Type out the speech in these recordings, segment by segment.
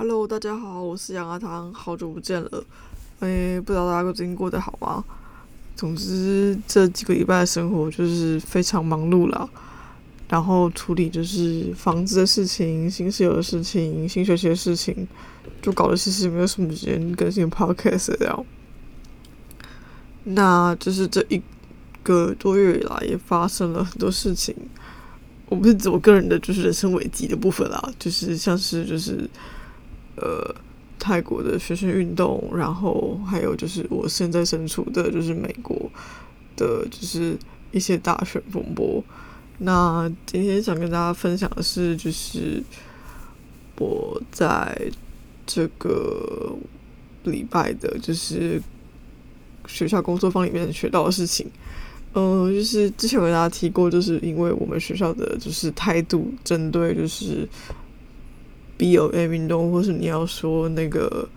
Hello，大家好，我是楊阿湯。好久不見了。哎、欸，不知道大家最近過得好嗎？總之，這幾個禮拜的生活就是非常忙碌啦，然後處理就是房子的事情、新室友的事情、新學習的事情，就搞得其實沒有什麼時間更新 Podcast 了。那就是這一個多月以來，也發生了很多事情。我不是指我個人的，就是人生危機的部分啦，就是像是就是。呃，泰國的學生運動，然後還有就是我現在身處的，就是美國的，就是一些大選風波。那今天想跟大家分享的是，就是我在這個禮拜的，就是學校工作坊裡面學到的事情。嗯、呃，就是之前我跟大家提過，就是因為我們學校的就是態度針對就是。B O L M 運動，或是你要說那個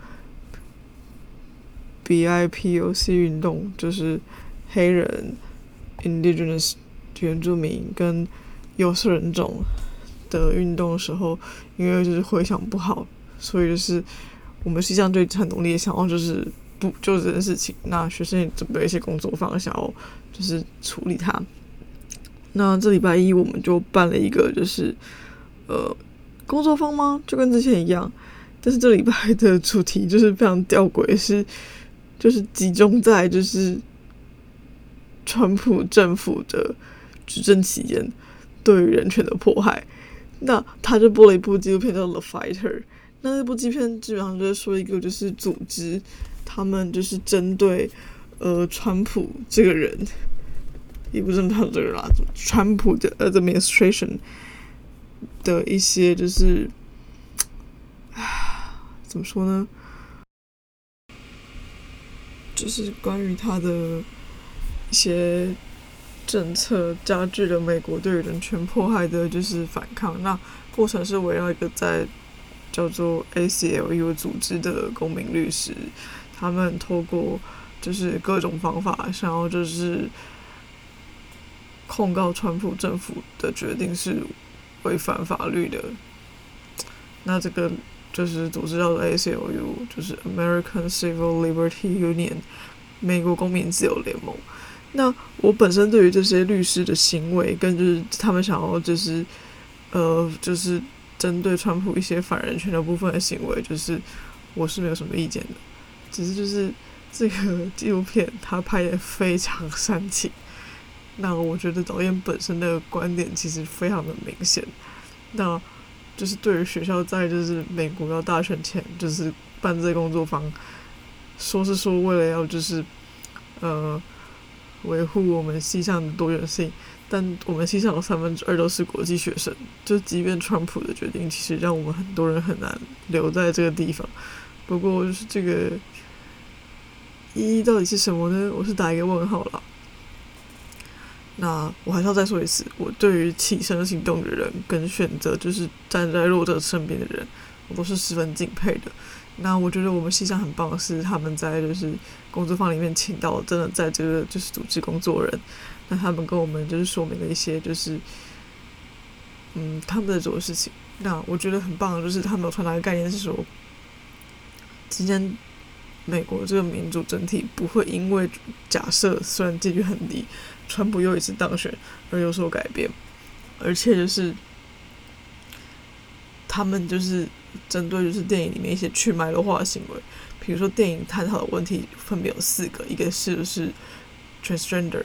B I P O C 運動，就是黑人、Indigenous 原住民跟有色人種的運動的時候，因為就是回響不好，所以就是我們實際上對很努力的，想要就是不做這件事情。那學生也準備一些工作坊，想要就是處理它。那這禮拜一我們就辦了一個，就是呃。工作坊嗎？就跟之前一樣，但是這禮拜的主題就是非常弔詭，是就是集中在就是，川普政府的執政期間對於人權的迫害。那他就播了一部紀錄片叫《The Fighter》，那這部紀錄片基本上就是說一個就是組織，他們就是針對呃川普這個人，也不是他這個啦、啊，川普的 Administration。的一些就是，唉，怎麼說呢？就是關於他的一些政策加劇了美國對於人權迫害的，就是反抗。那過程是圍繞一個在叫做 ACLU 組織的公民律師，他們透過就是各種方法，想要就是控告川普政府的決定是。違反法律的，那這個就是組織叫做 ACLU，就是 American Civil Liberties Union，美國公民自由聯盟。那我本身對於這些律師的行為，跟就是他們想要就是呃，就是針對川普一些反人權的部分的行為，就是我是沒有什麼意見的，只是就是這個紀錄片他拍得非常煽情。那我覺得導演本身的觀點其實非常的明顯，那就是對於學校在就是美國要大選前就是辦這工作坊，說是說為了要就是呃維護我們系上的多元性，但我們系上有三分之二都是國際學生，就即便川普的決定其實讓我們很多人很難留在這個地方，不過就是這個意義到底是什麼呢？我是打一個問號啦。那我還是要再說一次，我對於起身行動的人跟選擇，就是站在弱者身邊的人，我都是十分敬佩的。那我覺得我們系上很棒的是，他們在就是工作坊裡面請到真的在這個就是組織工作人，那他們跟我們就是說明了一些就是嗯他們在做的事情。那我覺得很棒的就是他們有傳達的概念是說，今天美國這個民主整體不會因為假設雖然結局很低。川普又一次當選而有所改變，而且就是他們就是針對就是電影裡面一些去脈絡化行為，比如說電影探討的問題分別有四個，一個是就是 transgender，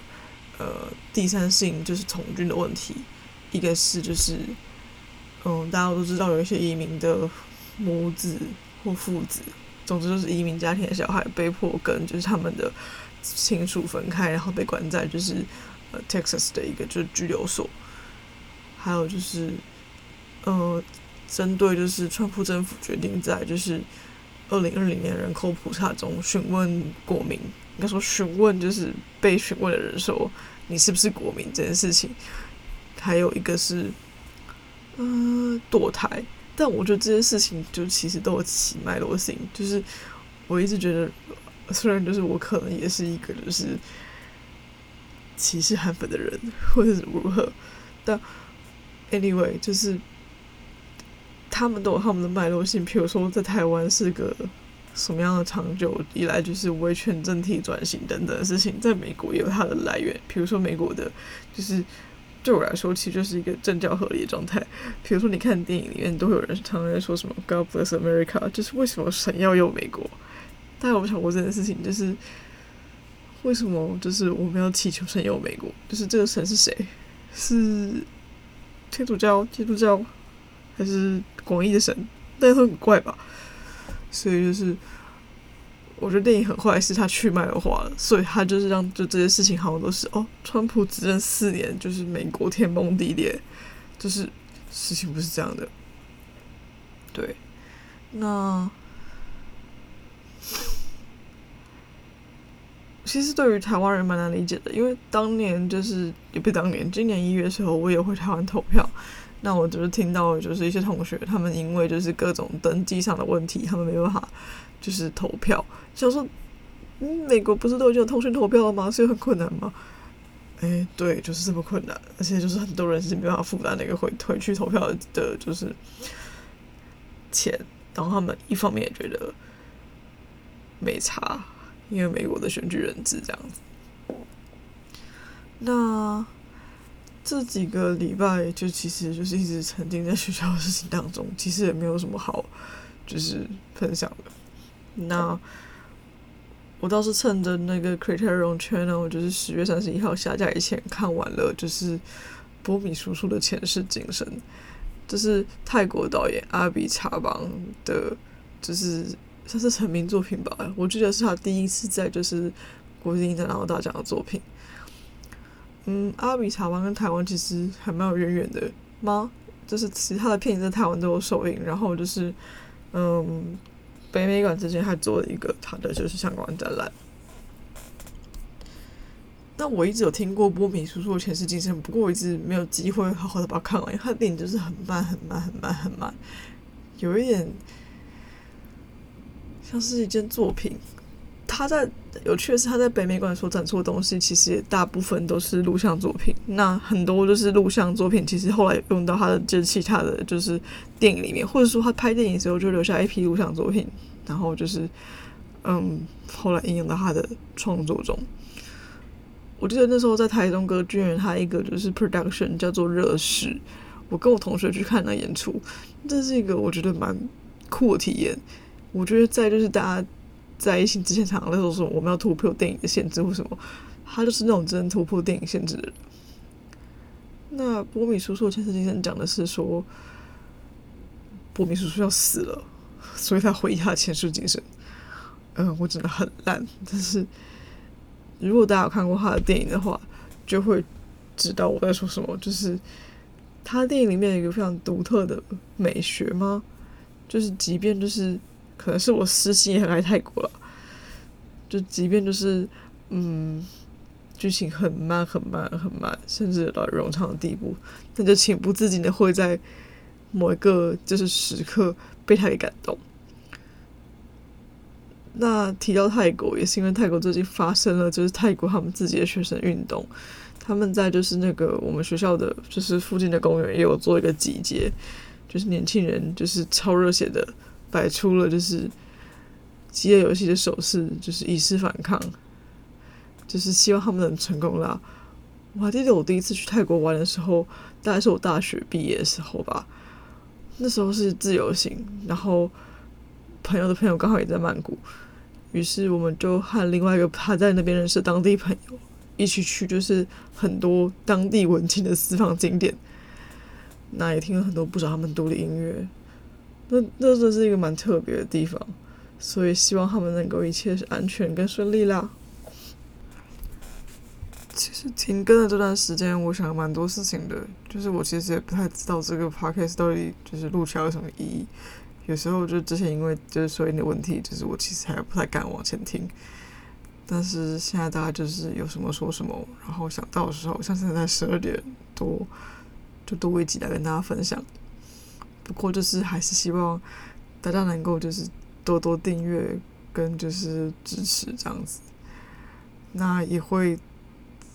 呃，第三性就是從軍的問題，一個是就是嗯，大家都知道有一些移民的母子或父子，總之就是移民家庭的小孩被迫跟就是他們的。親屬分開，然後被關在就是呃 Texas 的一個就是拘留所，還有就是呃針對就是川普政府決定在就是二零二零年人口普查中詢問國民，應該說詢問就是被詢問的人說你是不是國民這件事情，還有一個是呃墮胎，但我覺得這件事情就其實都有其脈絡性，就是我一直覺得。雖然就是我可能也是一個就是歧視韓粉的人，或者是如何，但 anyway 就是他們都有他們的脈絡性。比如說在台灣是個什麼樣的長久以來就是威權政體轉型等等的事情，在美國也有它的來源。比如說美國的，就是，就是對我來說其實就是一個政教合理的狀態。比如說你看電影裡面都會有人常常在說什麼 God bless America，就是為什麼神要用美國？大家有想過這件事情？就是為什麼？就是我們要祈求神佑美國？就是這個神是誰？是天主教、基督教，還是廣義的神？但是會很怪吧？所以就是，我覺得電影很壞，是他去賣的話，所以他就是讓就這些事情好像都是哦，川普執政四年，就是美國天崩地裂，就是事情不是這樣的。對，那。其實對於台灣人蠻難理解的，因為當年就是也不是當年，今年一月的時候，我也回台灣投票。那我只是聽到就是一些同學，他們因為就是各種登記上的問題，他們沒有辦法就是投票。想說，美國不是都已經有通訊投票了嗎？所以很困難嗎？哎、欸，對，就是這麼困難。而且就是很多人是沒有辦法負擔那個回回去投票的，就是錢。然後他們一方面也覺得沒差。因為美國的選舉人制這樣子，那這幾個禮拜就其實就是一直沉浸在學校的事情當中，其實也沒有什麼好就是分享的。那我倒是趁着那個 Criterion Channel 我就是十月三十一號下架以前看完了，就是波米叔叔的前世今生，就是泰國導演阿比查邦的，就是。算是成名作品吧，我記得是他的第一次在就是國際影展拿到大獎的作品。嗯，阿比查邦跟台灣其實還蠻有淵源的嗎？就是其他的片子在台灣都有首映，然後就是嗯，北美館之前還做了一個他的就是相關展覽。但我一直有聽過波米叔叔的前世今生，不過我一直沒有機會好好的把它看完，因為他電影就是很慢很慢很慢很慢，有一點。像是一件作品，他在有趣的是，他在北美館所展出的東西，其實也大部分都是錄像作品。那很多就是錄像作品，其實後來用到他的就是其他的就是電影裡面，或者說他拍電影的時候就留下一批錄像作品，然後就是嗯，後來應用到他的創作中。我記得那時候在台中歌劇院，他一個就是 production 叫做熱室，我跟我同學去看那演出，這是一個我覺得蠻酷的體驗。我覺得再就是大家在一起之前常常在說，說我們要突破電影的限制或什麼，他就是那種真突破電影限制的人。那波米叔叔前世今生講的是說，波米叔叔要死了，所以他回憶他前世今生。嗯，我真的很爛，但是如果大家有看過他的電影的話，就會知道我在說什麼。就是他電影裡面有一個非常獨特的美學嗎？就是即便就是。可能是我私心也很愛泰國了，就即便就是嗯，劇情很慢很慢很慢，甚至到冗長的地步，但就情不自禁的會在某一個就是時刻被他給感動。那提到泰國，也是因為泰國最近發生了就是泰國他們自己的學生運動，他們在就是那個我們學校的就是附近的公園也有做一個集結，就是年輕人就是超熱血的。擺出了就是飢餓遊戲的手勢，就是以示反抗，就是希望他們能成功啦。我還記得我第一次去泰國玩的時候，大概是我大學畢業的時候吧。那時候是自由行，然後朋友的朋友剛好也在曼谷，於是我們就和另外一個他在那邊認識當地朋友一起去，就是很多當地文青的私房景點。那也聽了很多不少他們獨立音樂。那那真的是一個蠻特別的地方，所以希望他們能夠一切安全跟順利啦。其實停更的這段時間，我想蠻多事情的，就是我其實也不太知道這個 Podcast 到底就是錄起來有什麼意義。有時候就之前因為就是所以的問題，就是我其實還不太敢往前聽。但是現在大家就是有什麼說什麼，然後想到的時候，像現在十二點多就多一集來跟大家分享。不過就是還是希望大家能夠就是多多訂閱跟就是支持這樣子，那也會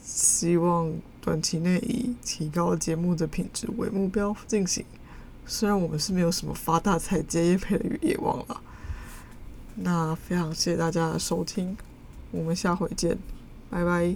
希望短期內以提高節目的品質為目標進行。雖然我們是沒有什麼發大財接業配的欲望了，那非常謝謝大家的收聽，我們下回見，拜拜。